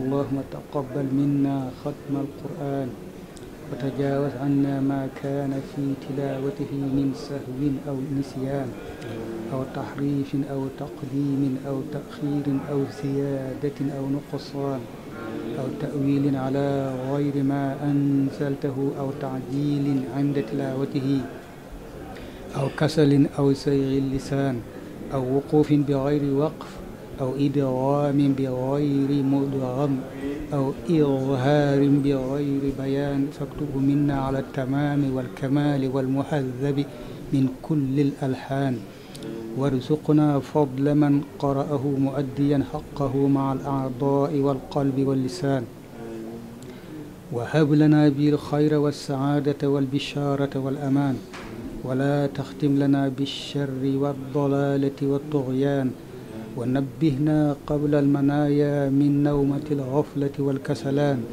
اللهم تقبل منا ختم القرآن وتجاوز عنا ما كان في تلاوته من سهو أو نسيان أو تحريف أو تقديم أو تأخير أو زيادة أو نقصان أو تأويل على غير ما أنزلته أو تعجيل عند تلاوته أو كسل أو سيغ اللسان أو وقوف بغير وقف أو إدغام بغير مدغم أو إظهار بغير بيان فاكتبه منا على التمام والكمال والمهذب من كل الألحان وارزقنا فضل من قرأه مؤديا حقه مع الأعضاء والقلب واللسان وهب لنا به الخير والسعادة والبشارة والأمان ولا تختم لنا بالشر والضلالة والطغيان wa nabbihna qabla almanaya min nawmati alxaflati walkasalaan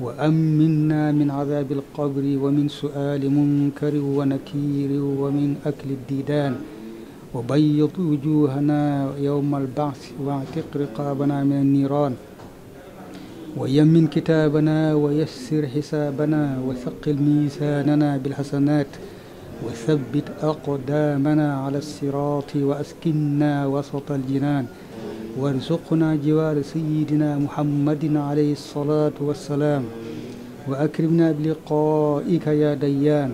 wa aminna min cadaabi alqabri wa min su'aali munkari wa nakiiri wa min akli diidaan wa bayyid wujuuhana yawma albacsi waatiq riqaabana min anniiraan ويمن كتابنا ويسر حسابنا وثقل ميزاننا بالحسنات وثبت أقدامنا على الصراط وأسكنا وسط الجنان وارزقنا جوار سيدنا محمد عليه الصلاة والسلام وأكرمنا بلقائك يا ديان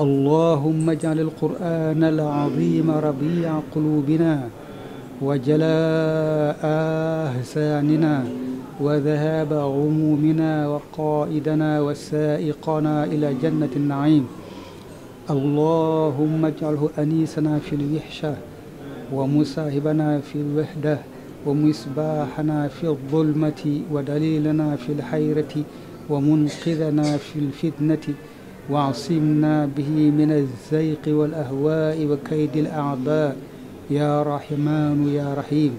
اللهم اجعل القرآن العظيم ربيع قلوبنا وجلاء أهساننا وذهاب غمومنا وقائدنا وسائقنا إلى جنة النعيم اللهم اجعله أنيسنا في الوحشة ومصاحبنا في الوحدة ومصباحنا في الظلمة ودليلنا في الحيرة ومنقذنا في الفتنة واعصمنا به من الزيق والأهواء وكيد الأعداء يا رحمن يا رحيم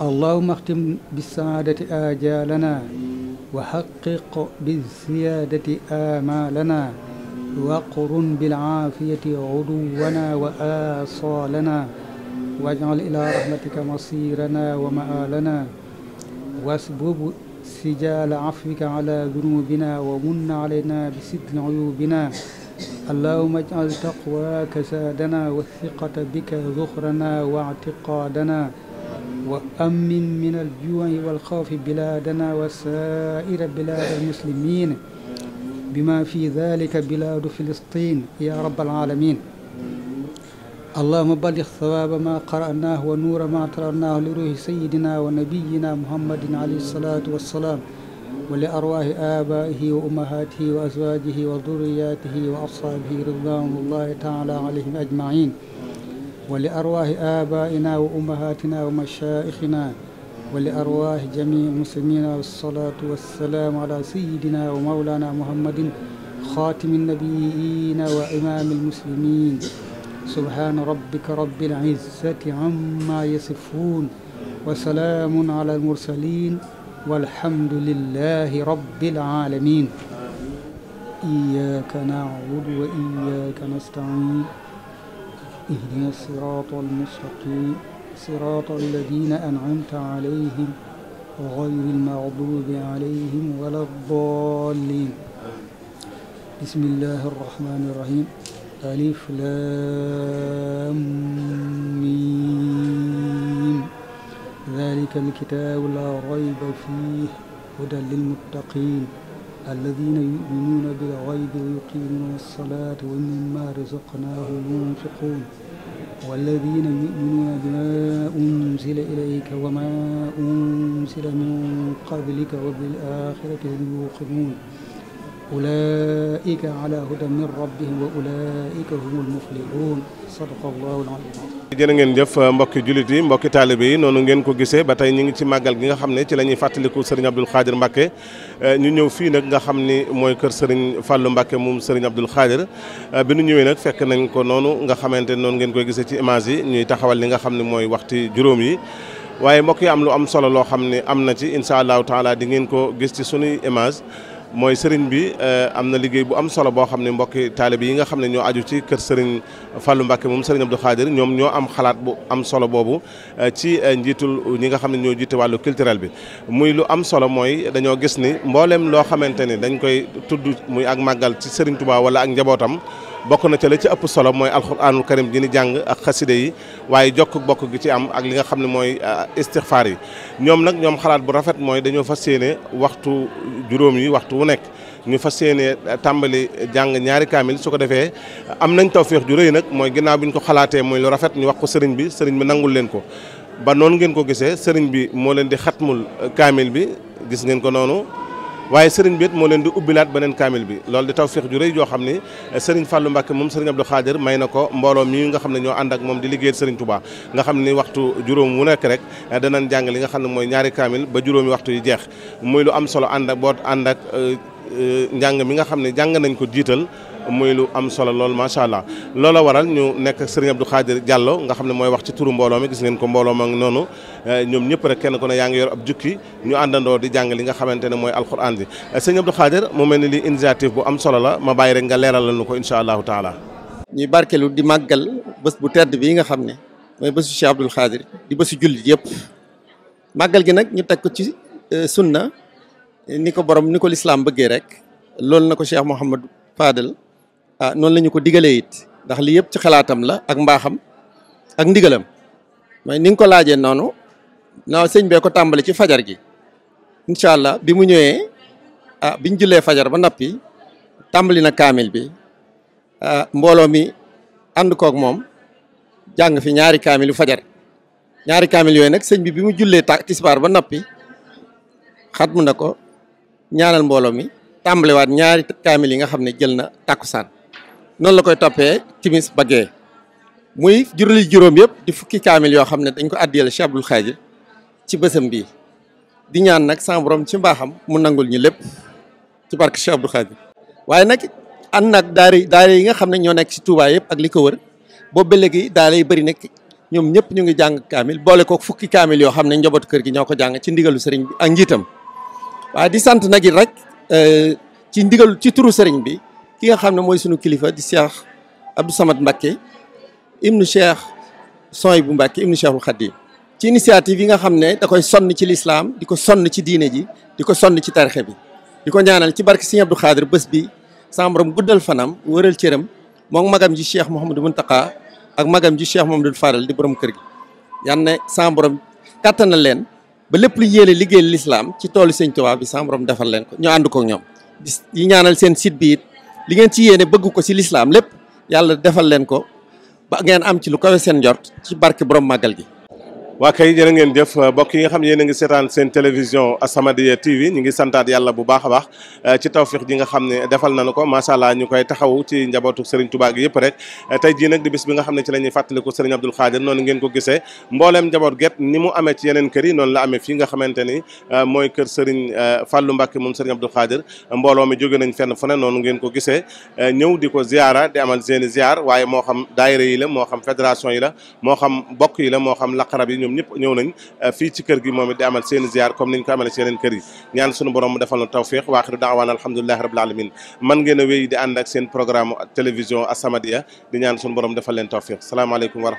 اللهم اختم بالسعادة آجالنا وحقق بالزيادة آمالنا وقرن بالعافية غدونا وآصالنا واجعل إلى رحمتك مصيرنا ومآلنا واسبب سجال عفوك على ذنوبنا ومن علينا بستر عيوبنا اللهم اجعل تقواك سادنا والثقة بك ذخرنا واعتقادنا wa amin min aljuu'i walxawfi bilaadana wa saaira bilaad almuslimin bima fi dalika bilaadu filistin ya rabbal alamin allahuma ballig sawaaba ma qara'naahu wa nuura ma tarannaahu li ruuhi sayidina wa nabiyina muhammadin alayhi salaatu wassalaam wa li arwaahi aabaihi wa ummahaatihi wa azwaajihi wa durriyaatihi wa ashaabihi ridwaanullahi taala alayhim ajmain ولأرواح آبائنا وأمهاتنا ومشائخنا ولأرواح جميع المسلمين والصلاة والسلام على سيدنا ومولانا محمد خاتم النبيين وإمام المسلمين سبحان ربك رب العزة عما يصفون وسلام على المرسلين والحمد لله رب العالمين إياك نعبد وإياك نستعين اهدنا الصراط المستقيم صراط الذين أنعمت عليهم غير المغضوب عليهم ولا الضالين بسم الله الرحمن الرحيم ألف لام ميم ذلك الكتاب لا ريب فيه هدى للمتقين alladina yuminuuna bilxaybi wa yuqimuuna alsalata wa mimma razaqnaahum yunfiquun walladina yuminuuna bima unzila ilayka wa ma unzila min qablika wa bil axirati hum yuuqinuun ulaika ala hudan min rabbihim wa ulaika humul muflihun sadaqallahu al ngeen jëf mbokki jullit yi mbokki taalibe yi noonu ngeen ko gisee ba tey ñu ngi ci màggal gi nga xam ne ci la ñuy fàttaliku sëriñ Abdul Xaadir Mbàkke euh, ñu ñëw fii nag nga xam ni mooy kër sëriñ Fàllu Mbàkke moom sëriñ Abdul Xaadir euh, bi nu ñëwee nag fekk nañ ko noonu nga xamante noonu ngeen koy gisee ci image yi ñuy taxawal li nga xam ne mooy waxti juróom yi waaye mbokk yi am lu am solo loo xam ne am na ci incha allahu taala di ngeen ko gis ci sunuy image mooy sëriñ bi eh, am na liggéey bu am solo boo xam ne mbokki taalibe yi nga xam ne ñoo aju ci kër sëriñ fallu Mbacke moom sëriñ Abdou Khadir ñoom ñoo am xalaat bu am solo boobu eh, ci eh, njiitul ñi nga xam ne ñoo jiite wàllu culturel bi muy lu am solo mooy dañoo gis ni mbooleem loo xamante ni dañ koy tudd muy ak màggal ci sëriñ Touba wala ak njabootam bokk na ca la ci ëpp solo mooy alxuraanul karim ji ni jàng ak xaside yi waaye jokk bokk gi ci am ak li nga xam ne mooy euh, istixfaar yi ñoom nag ñoom xalaat bu rafet mooy dañoo fas yéene waxtu juróom yi waxtu wu nekk ñu fas yéene euh, tàmbali jàng ñaari kaamil su ko defee am nañ taw feex ju rëy nag mooy ginnaaw bi ñu ko xalaatee mooy lu rafet ñu wax ko sëriñ bi sëriñ bi nangul leen ko ba noonu ngeen ko gisee sëriñ bi moo leen di xatmul euh, kaamil bi gis ngeen ko noonu waaye sëriñ bi it moo leen di ubbilaat beneen kaamil bi loolu di tawféex ju rëy joo xam ni sëriñ Fallou Mbacke moom sëriñ Abdou Khadir may na ko mbooloo mi nga xam ne ñoo ànd ak moom di liggéeyal sëriñ tubaa nga xam ni waxtu juróom wu nekk rek eh, danañ jàng li nga xam ne mooy ñaari kaamil ba juróomi waxtu yi jeex muy lu am solo ànd ak boot ànd ak euh, Euh, njàng mi nga xam ne jàng nañ ko jiital muy lu am solo lool macha allah lool loola waral ñu nekk sëriñ Abdou Khadir jàlloo nga xam ne mooy wax ci turu mbooloo mi gis ngeen ko mbooloo noonu euh, ñoom ñëpp rek kenn ko ne yaa ngi yor ab jukki ñu àndandoo di jàng li nga xamante ne mooy alquran bi euh, sëriñ Abdou Khadir mu mel ni li initiative bu am solo la ma bàyyi rek nga leeralal nu ko incha allahu taala. ñuy barkelu di màggal bés bu tedd bii nga xam ne mooy bésu Cheikh Abdou di bésu jullit yëpp màggal gi nag ñu teg ko ci ni ko borom ni ko lislaam bëggee rek loolu na ko Cheikh Mouhamad Fadel ah noonu lañu ko digalee it ndax li yëpp ci xalaatam la ak mbaaxam ak ndigalam mooy ni nga ko laajee noonu naaw sëñ bee ko tàmbali ci fajar gi incha allah bi mu ñëwee ah biñ jullee fajar ba noppi tàmbali na kaamil bi ah, mbooloo mi ànd koog moom jàng fi ñaari kaamil yu fajar ñaari kaamil yooyu nag sëñ bi bi mu jullee ta ba noppi xatmu na ko ñaanal mbooloo mi tàmbaliwaat ñaari kaamil yi nga xam ne jël na takku tàkkusaan noonu la koy toppee timis ba muy jurali juróom yëpp di fukki kaamil yoo xam ne dañ ko àddiyal Cheikh Abdoul Khadir ci bésam bi di ñaan nag sama ci mbaaxam mu nangul ñu lépp ci barke Cheikh Abdoul Khadir waaye nag ànd nag daara daara yi nga xam ne ñoo nekk ci Touba yëpp ak li ko wër boobu ba léegi daara yi bëri nekk ñoom ñëpp ñu ngi jàng kaamil boole ko fukki kaamil yoo xam ne njabootu kër gi ñoo ko jàng ci ndigalu sëriñ bi njiitam waaye di sant nag it rek euh, ci ndigal ci turu sëriñ bi ki nga xam ne mooy sunu kilifa di Cheikh Abdou Samad Mbacké ibnu Cheikh Soy bu Mbacké ibnu Cheikhul Khadim ci initiative yi nga xam ne da koy sonn ci lislaam di ko sonn ci diine ji di ko sonn ci tarixe bi di ko ñaanal ci barke Sëriñ Abdou Khadir bés bi sama borom guddal fanam wëral cëram moom magam ji Cheikh Mouhamadou Mountakha ak magam ji Cheikh Mouhamadou Faral di borom kër gi yan na sama borom kàttanal leen ba lépp lu yéene liggéey lislaam ci toolu sëñ Tuubaa bi sama borom defal leen ko ñu ànd ñoom di ñaanal seen site bi li ngeen ci yéene bëgg ko ci lislaam lépp yàlla defal leen ko ba ngeen am ci lu kawe seen njort ci barke borom màggal ji waa kay jërë ngeen jëf mbokk xam ne yéen a ngi seetaan seen télévision a samadiyya TV ñu ngi santaat yàlla bu baax a baax eh, ci tawfix ji nga xam ne defal na nañu ko macha allah ñu koy taxaw ci njabootu Serigne Touba gi yëpp rek eh, tey jii nag di bis bi nga xam ne ci la ñuy fàttaliku Serigne Abdoul Khadir noonu ngeen ko gisee mbooleem njaboot gett ni mu amee ci yeneen kër yi noonu la amee fii nga xamante ni eh, mooy kër Serigne Fallou Mbacké moom Serigne Abdoul Khadir mbooloo mi jóge nañ fenn fu ne noonu ngeen ko gisee ñëw di ko ziara seen ziar waaye moo xam daayira la moo xam fédération yi la moo xam bokk ñoom ñëpp ñëw nañ euh, fii ci kër gi moom it di amal seen ziar comme niñ ko amalee ci yeneen ñaan suñu borom mu defal na tawfiq waaxiru daawaan alhamdulilahi rabbil alamin man ngeen a wéy di ànd ak seen programme télévision As-Samadiyya di ñaan suñu borom defal leen tawfiq salaamaaleykum wa